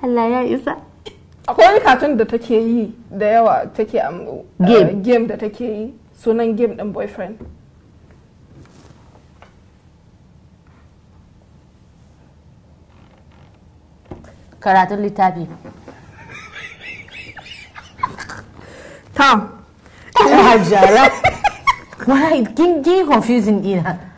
Allah ya isa akwai wani katun da take yi da yawa take um, uh, game da take yi sunan game din boyfriend karatun littafi tom hajjara why kin confusing ina.